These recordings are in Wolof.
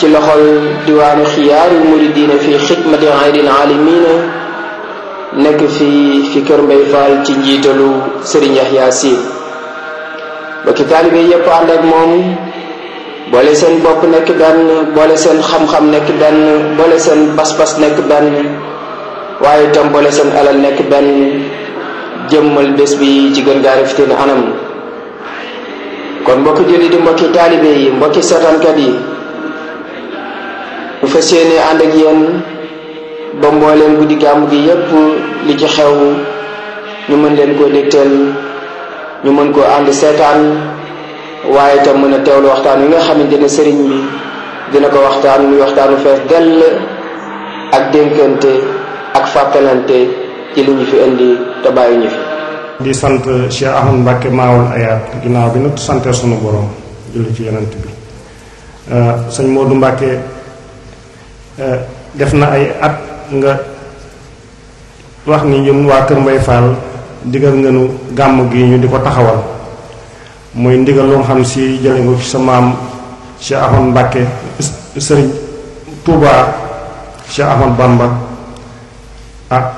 ci loxol diwaanu xiyaarul muridina fi xidmati aydil aalimina nekk fi fi kër Mbay Faal ci njiitalu Sëriñ Yaxya Siin bokki taalibe yépp ànd ak moom boole seen bopp nekk benn boole seen xam-xam nekk benn boole seen pas-pas nekk benn waaye itam boole seen alal nekk benn jëmmal bés bi ci gën gaa rafetee anam kon mbokki julli di mbokki taalibe yi mbokki seetaankat yi bu fas yéene ànd ak yéen ba mbooleem guddi gàmm gi yépp li ci xew ñu mën leen koo dégteel ñu mën koo ànd seetaan waaye tam mën a teewlu waxtaan wi nga xamante ne sëriñ bi dina ko waxtaan muy waxtaanu fees dell ak dénkante ak fàttalante ci li ñu fi indi te bàyyi ñu di sant Cheikh Ahmad Mbacke maawul ayaat ginnaaw bi nag sante sunu borom julli ci yonent bi euh, sëñ Modou Mbacke Eh, def na ay at nga wax ni ñun waa kër mbay fall digal nga nu gàmm gi ñu di ko taxawal muy ndigal lu xam si jële nga sa maam cheikh ahmad mbàkke sëriñ touba si ahmad bamba ak ah,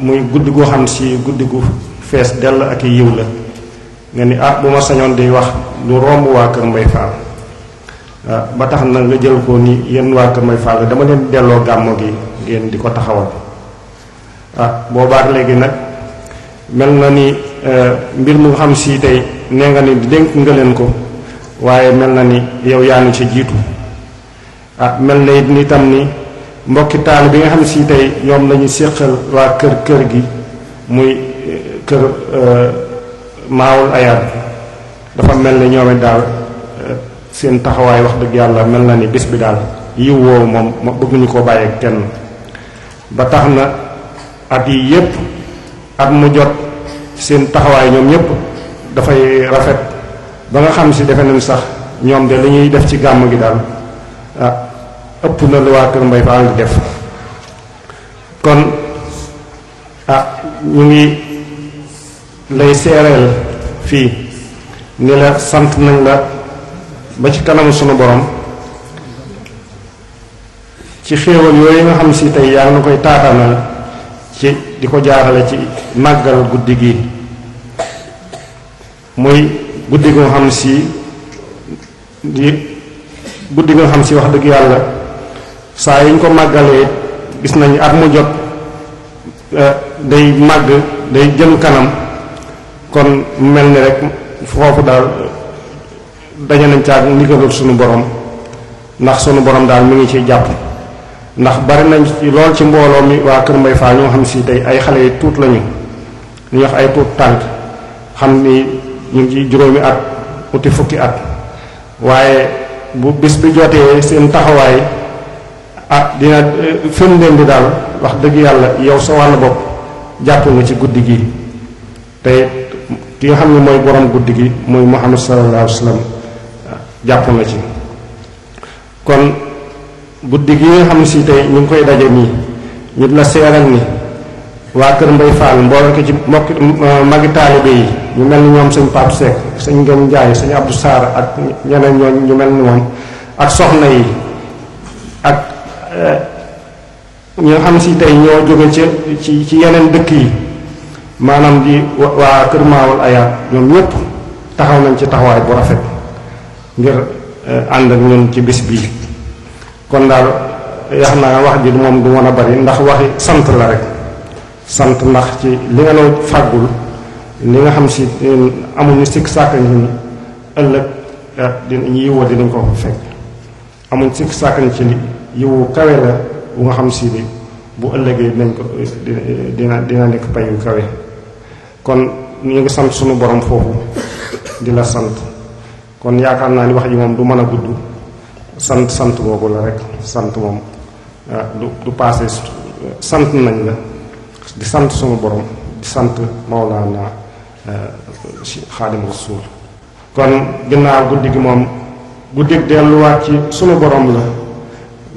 muy guddi goo xam si guddi gu fees dell ak yiw la nga ni ah bu ma sañoon di wax lu romb waa kër mbay fall Ah, ba tax na nga jël ko ni yenn waa Kër Mayfalla dama leen delloo gàmmo gi ngeen di ko taxawal ah léegi nag mel na ni eh, mbir mu xam si tey nee nga ni dénk nga leen ko waaye mel na ni yow yaa ngi ci jiitu ah mel na it ni itam ni mbokki taal bi nga xam si tey ñoom lañuy séqal waa kër kër gi muy eh, kër eh, maawul ayaat dafa mel ni ñoom daal seen taxawaay wax dëgg yàlla mel na ni bis bi daal yiw woowu moom ma bëgguñu ko bàyyee kenn ba tax na at yi yépp at mu jot seen taxawaay ñoom dafay rafet ba nga xam si defe nañ sax ñoom de li ñuy def ci gàmm gi daal ah ëpp na lu waa kër mbay faal di def kon ah ñu ngi lay seereel fii ni la sant nañ la ba ci kanamu sunu borom ci xéewal yooyu nga xam si tey yaa ngi koy taataanal ci di ko jaarale ci màggal guddi gi muy guddi nga xam si di guddi nga xam si wax dëgg yàlla saa yi ñu ko màggalee gis nañu at mu jot eh, day màgg day jëm kanam kon mel ni rek foofu daal dañu nañ caag ndigalul suñu borom ndax sunu borom daal mu ngi ciy jàpp ndax bari nañ ci lool ci mbooloo mi waa Kër Mbay Fall ñoo xam si tey ay xale yi tuut lañu ñu wax ay tuut tànk xam ni ñu ngi ci juróomi at uti fukki at waaye bu bis bi jotee seen taxawaay ah dina eh, firndéem bi daal wax dëgg yàlla yow sa wàll bopp jàpp nga ci guddi gi te ki xam ne mooy borom guddi gi mooy Muhammad sallallahu alayhi japp na ci kon guddi gi nga xam ci tay ñu koy dajé ni ñu la séral ni wa kër mbay faal mbooloo ko ci mbokk euh, magi talibé yi ñu mel ni ñoom sëñ Pape Seck sëñ Ngem Ndiaye Abdou sar ak ñeneen ñoo ñu mel ni ak soxna yi ak euh, ñu xam ci tay ñoo jóge ci ci ci yeneen dëkk yi manam di wa kër mawul ayaat ñom ñëpp taxaw nañ ci taxaway bu rafet ngir and eh, ak ñun ci bis bi kon dal yax na wax ji moom du mën a bari ndax waxi sant la rek sant ndax ci li nga law fàggul li nga xam si eh, amuñu sik sàkk ñu ni ëllëg eh, dinañ ko fekk amuñ sàkk ci li yiwu kawe la bu nga xam si ni bu ëllëgee dinañ ko dina dina nekk payu kawe kon ñu ngi sant sunu borom foofu di sant kon yaakaar naa ni wax ji moom du mën a gudd sant sant boobu la rek sant moom ah, du du passé sant nañ la di sant suma borom di sant Mawlaana Xaadim ah, Rasuul kon ginnaaw guddi gi moom guddeeg delluwaat ci suma borom la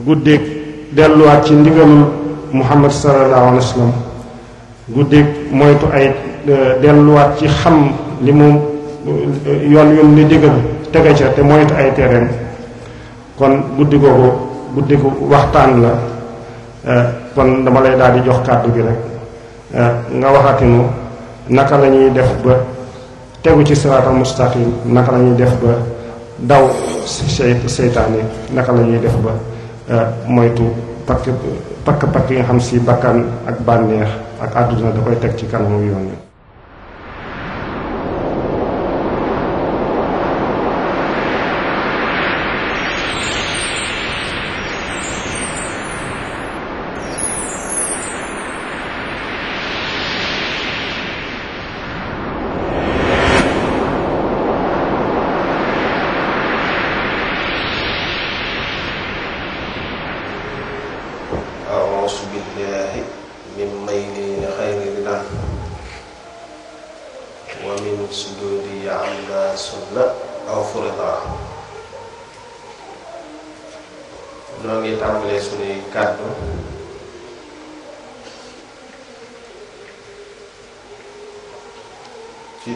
guddeeg delluwaat ci ndigalul Muhammad sallallahu alayhi wa sallam moytu ay ah, delluwaat ci xam li mu yoon yum ni digal tege ca te moytu ay tereem kon guddi googu guddi gu waxtaan la eh, kon dama lay daal di jox kàddu gi rek eh, nga waxatinu naka la ñuy def ba tegu ci siraatal mustaqim naka la ñuy def ba daw seytaan yi naka la ñuy def ba eh, moytu pakk pakk pakk yi nga xam si bakkan ak bànneex ak àdduna da koy teg ci kanamu yoon wi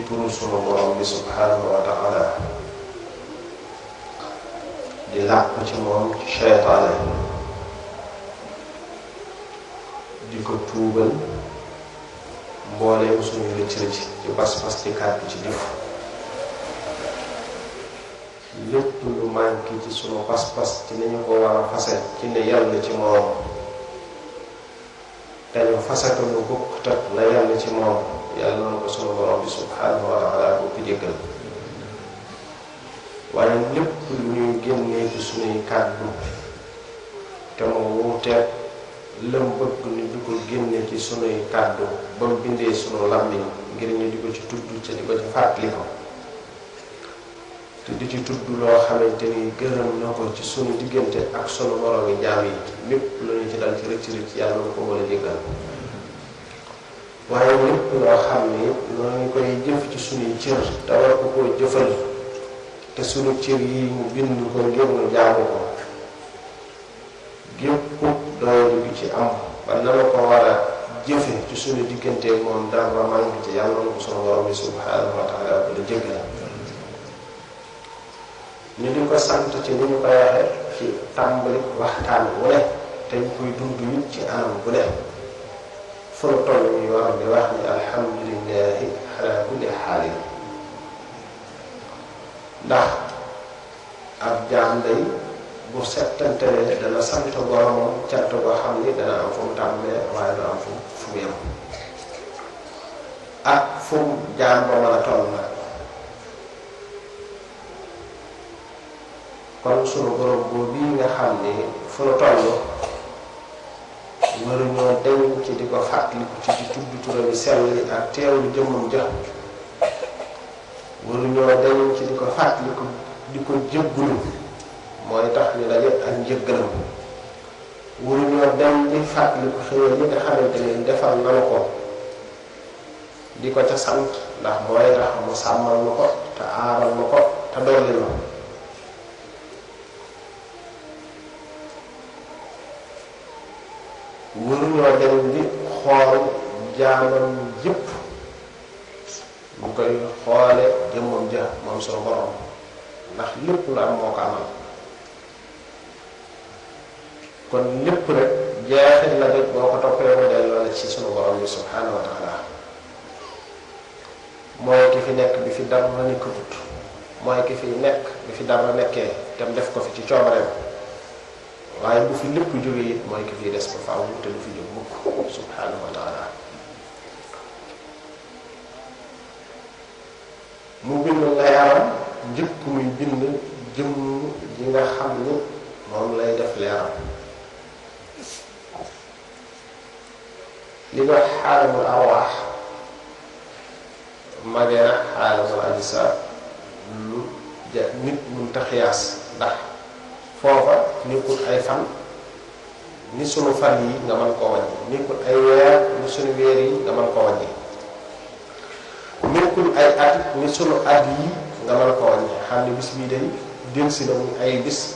guru suruh borong di subhanahu wa ta'ala di laku gitu, cemong syaitan di kutuban boleh usung ini cerci di pas pas di kartu cerci lepp lu manki ci suruh pas pas ci lañu ko wara fasal ci ne yalla ci mom dañu fasatu lu bokk tak yàlla na ko sunu borom bi subhaanahu wa taala ko jëkkal waaye lépp lu ñuy génnee ci suñuy kàddu te mu wuuteeg lam bëgg ñu di ko génne ci sunuy kàddu ba mu bindee sunu làmmiñ ngir ñu di ko ci tudd ca di ko ci fàttali ko te ci tudd loo xamante ni gërëm na ko ci sunu diggante ak sunu moroomi jaam yi lépp lu ñu ci dal ci rëcc rëcc yàlla na ko mën a jéggal waaye lépp loo xam ni ñoo ngi koy jëf ci suñuy cër te war ko koo jëfal te suñu cër yi ñu bind ko ngir mu jaamu ko gépp doylu bi ci am ba na la ko war a jëfe ci suñu diggante moom dara manque ci yàlla na ko sunu borom bi subhanahu wa taala bu la jëgg la ñu di ko sant ci ni ñu ko waxe ci tàmbali waxtaan wu ne te ñu koy dund ci anam bu ne fu nu toll ñu wax ni alhamdulilahi ala kulli xaalin ndax ab jaam day bu settantalee dana ko boromam cant boo xam ni dana am fu mu tàmbalee mu yem ak fu mu jaam ba mën a toll nag kon sunu borom boobu bii nga xam ni fu nu toll waruñoo deñ ci di ko fàttaliku ci di tudd turam yu sell yi ak teewlu jëmmam jëf waruñoo deñ ci di ko fàttaliku di ko jëggulu mooy tax ñu daje ak njëggalam waruñoo deñ di fàttaliku xëyal yi nga xamante ne defal na la ko di ko ca sant ndax mooy tax mu sàmmal ma ko te aaral ma ko te dolli ma mënuñoo dem di xool jaamam yëpp mu koy xoole jëmmam ja moom sunu borom ndax lépp la moo ko amal kon lépp rek jeexit la doj boo ko toppee mu delloo la ci sunu borom bi subhaanahu wa mooy ki fi nekk bi fi dara nekkatut mooy ki fi nekk bi fi dara nekkee te def ko fi ci coobareem waaye bu fi lépp jógee mooy ki fi des ba faaw te du fi jóg mukk subhanahu wa taala mu bind leeram njëkk bind jëmm ji nga xam ni moom lay def leeram li nga xaalamul arwaax magee nag xaalamul lu ja nit mun ta xiyaas ndax fofa nekul ay fan ni sunu fan yi nga man ko wàññi nekul ay weer ni sunu weer yi nga man ko wàññi nekul ay at ni sunu at yi nga man ko xamni bis bi day dél ci dom ay bis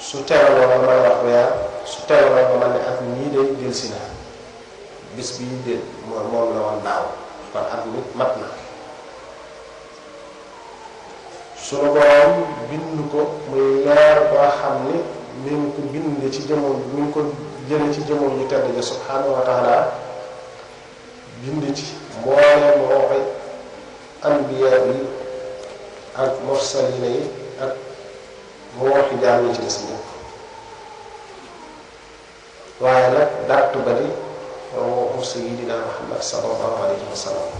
su teewaloo nga ma wax weer su teewaloo nga ma man at nii day dél ci na bis bii de la won daw kon at nit matna sunu borom bind ko muy leer boo xam ne mi ngi ko bind ci jëmoo mi ngi ko jële ci jëmoo ñu tedd ja subhanahu wa bind ci mbooleem rooxi anbiya bi ak morsalina yi ak rooxi yi ci des waaye nag dàtt ba di ruuxu sayidina muhammad sallallahu alayhi wa sallam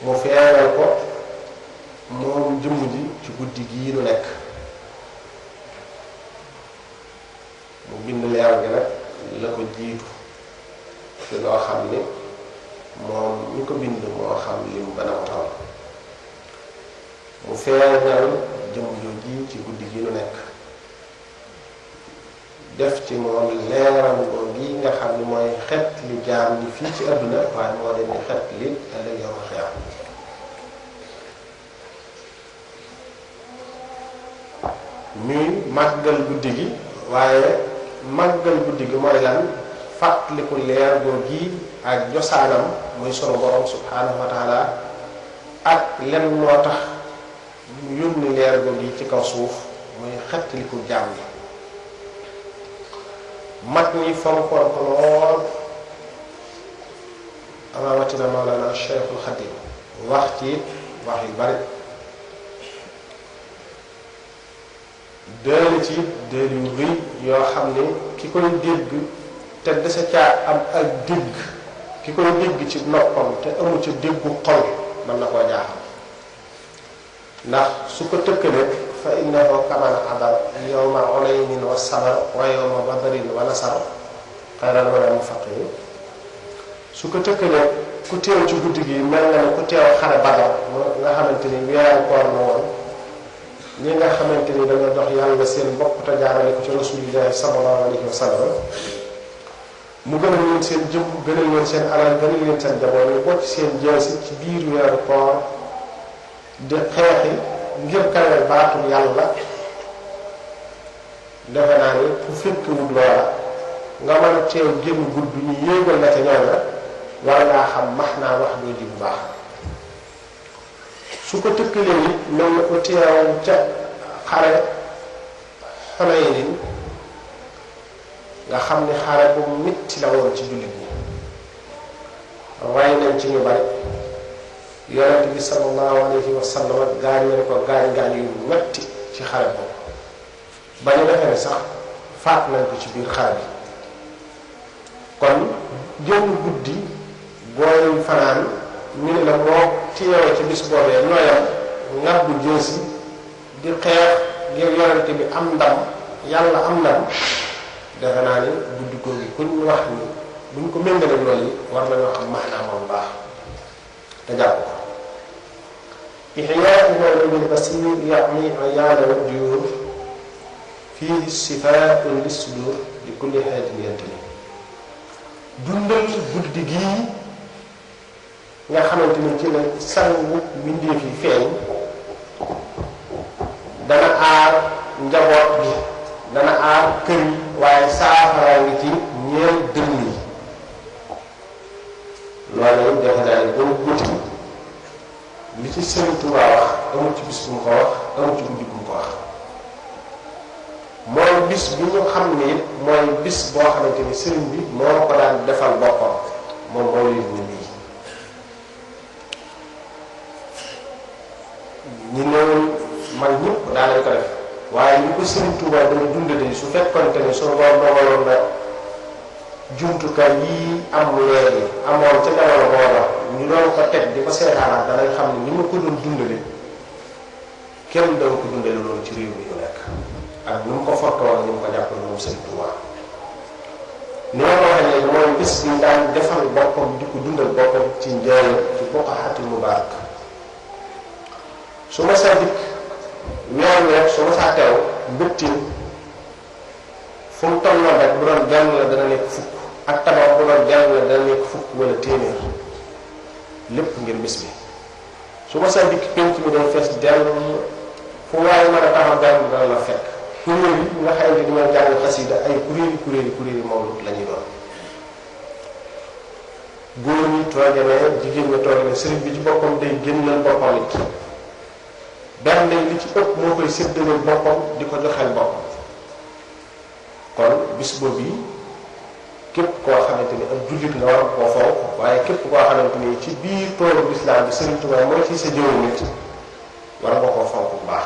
mu feeral ko moom jëmm ji ci guddi gii nu nekk mu bind leer gi nag la ko jiitu ci loo xam ni moom ñu ko bind moo xam lim bana ko toll mu feeñal jëmm jooji ci guddi gii nu nekk def ci moom leeram boo gi nga xam ni mooy xet li jaam ñi fii ci àdduna waaye moo leen di xet li ëllëg yow ñuy màggal guddi gi waaye màggal guddi gi mooy lan fàttaliku leer góor gi ak josaanam muy sunu borom subhanahu wa ak len moo tax yónni leer góor gi ci kaw suuf muy xettaliku jaam gi mag ñi fonkoon ko lool rawatina Mawlana Cheikhul Xadim wax ci wax yu bari dëll ci dëll yu rëy yoo xam ne ki koy dégg te dese caa am ak dégg ki koy dégg ci noppam te amu ci déggu xol mën na koo jaaxal ndax su ko tëkkalee fa innahu kaman adal yawma olaynin wa sabar wa yawma badarin wa nasar xayral wala mu faqir su ko tëkkalee ku teew ci guddi gi mel na ne ku teew xare badar nga xamante ni weeral koor la woon ñi nga xamante ni dañoo dox yàlla seen bopp te jaarale ko ci rasulillahi sallallahu alayhi wa sallam mu gën a leen seen jëm gën a leen seen alal gën leen seen jaboot ñu bokk seen jeesi ci biir weeru koor di xeexi ngir kawe baatul yàlla defe naa ni ku fekk wut loola nga mën a teew génn gudd ñu yéegal la te ñooña war ngaa xam max naa wax doo bu baax su ko tëkkalee nit mel na ko teew ca xare Xunayn nga xam ni xare bu metti la woon ci jullit ñi rey nañ ci ñu bari yonent bi sallallahu alayhi wa sallam gaañ nañ ko gaañ-gaañ yu metti ci xare boobu ba ñu defee sax faat nañ ko ci biir xare bi kon jëmm guddi gooyum fanaan ñu ne la boo teewee ci bis boobee nooyam ngabbu jëlsi di xeex ngir yorante bi am ndam yàlla am ndam defe naa ni guddi googu kuñ wax ni buñ ko méngalee lool yi war nañoo xam maanaam moom baax te jàpp ko إحياء المولد البصير يعني عيان الديور فيه شفاء للصدور لكل حاجة ينتهي dundal guddi gii nga xamante ni ci la sangu mbindeef yi feeñ dana aar njaboot bi dana aar kër waaye saafara ngi ci ñeel dënn yi loolu defe naa ne dama li ci Sëriñ Tuubaa wax amul ci bis bu mu ko wax amul ci guddi bu mu ko wax mooy bis bi ñu xam ne mooy bis boo xamante ni sëriñ bi moo ko daan defal boppam moom moo leen ni su fekkonte ne sunu borom dogaloon na jumtukaay yii am yi amoon ca jamono booba ñu doon ko teg di ko seetaanaat danañ xam ne ñi ma ko doon dundale kenn dana ko dundale loolu ci réew mi ñu nekk ak ñu ko fortoon ni mu ko jàppale moom sëñ Tuubaa ni ma ko waxee léegi mooy bis bi daan defal boppam di ko dundal boppam ci njëriñ ci mu baax su ma sa dikk weer weer su ma saa teew mbëttin fu mu tolloon rek bu doon benn la dana nekk fukk ak tabax bu doon benn la dana nekk fukk wala téeméer lépp ngir bis bi su ma saa dikk penc bi doon fees dell fu waaye mën a taxaw jàng la fekk kuréel yi nga xamante ni ñoo jàng xasida ay kuréeli kuréeli kuréeli mawlud doon góor ñi tooge ne jigéen ñi tooge ne sëriñ bi ci boppam day génnal boppam it benn li ci ëpp moo koy séddale boppam di ko joxeel boppam bis boobu yi képp koo xamante ni ak jullit nga war koo fonk waaye képp koo xamante ni ci biir toolu lislaam bi Sëriñ Tuubaa mooy ci sa jëwu nit war nga koo fonk bu baax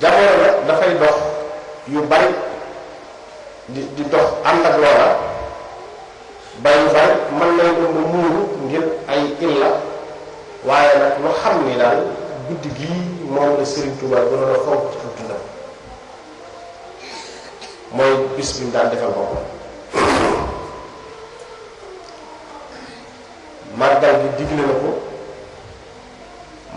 jamono nag dafay dox di dox ànd ak ngir ay illa waaye nag lu xam ni daal guddi gii moom la Sëriñ Tuubaa gënoon a mooy bis bi mu daan defal boppam màggal gi digle na ko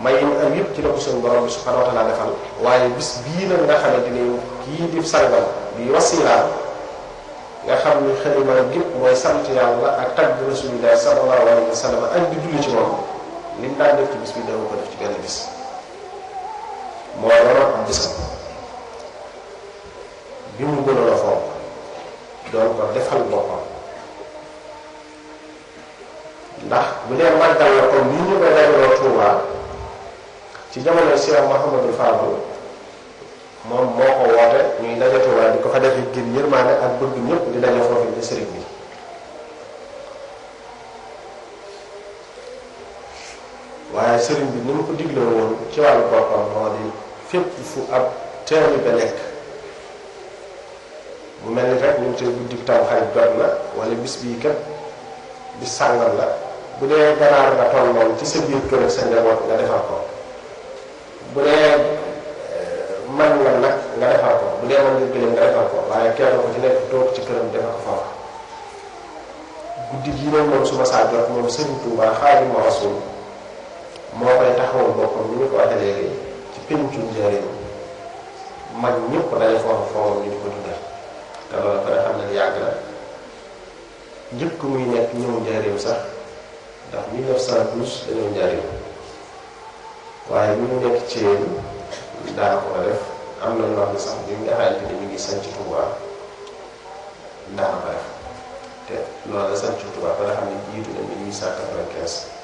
may yi am yëpp ci la ko suñu borom bi subhanahu wa taala defal waaye bis bii nag nga xamante ni kii di sàngal di wasilaam nga xam gépp mooy sant yàlla ak tagg rasulillah sallallahu alayhi wa ak di julli ci moom li mu daan def ci bis bi dama ko def ci benn bis moo waroon am bisam bi mu gënoon a doon ko defal boppam ndax bu dee màggal la comme nii ñu ko dajaloo Tuubaa ci jamono Cheikh Mouhamadou Fadou moom moo ko woote ñuy daje Tuubaa di ko fa defee ngir yërmaane ak bëgg ñëpp di daje foofu di sëriñ bi waaye sëriñ bi ni mu ko digle woon ci wàllu boppam moo di fépp fu ab teewlu ba nekk mu mel ni rek ñu ngi cay bi tam xarit jot la wala bis bii kat bis sàngal la bu dee ganaar nga tolloon ci sa biir kër sa njaboot nga defar eh, ko bu dee man nga nag nga defar ko bu dee man nga ko waaye kenn ko ci nekk toog ci këram defar ko foofu moo koy taxawal boppam ni ñu ko waxee léegi ci péncu njëriñ mag ñëpp dañu foofu foofu jëkk muy nekk ñëw njaareem sax ndax 1912 dañoo njaareem waaye bi mu nekk ci daa ko def am na loo xam ne sax bi nga xamante ni mi ngi sanc Touba daa ko def te loolu la sanc Touba ba nga xam ne jiitu na 1895.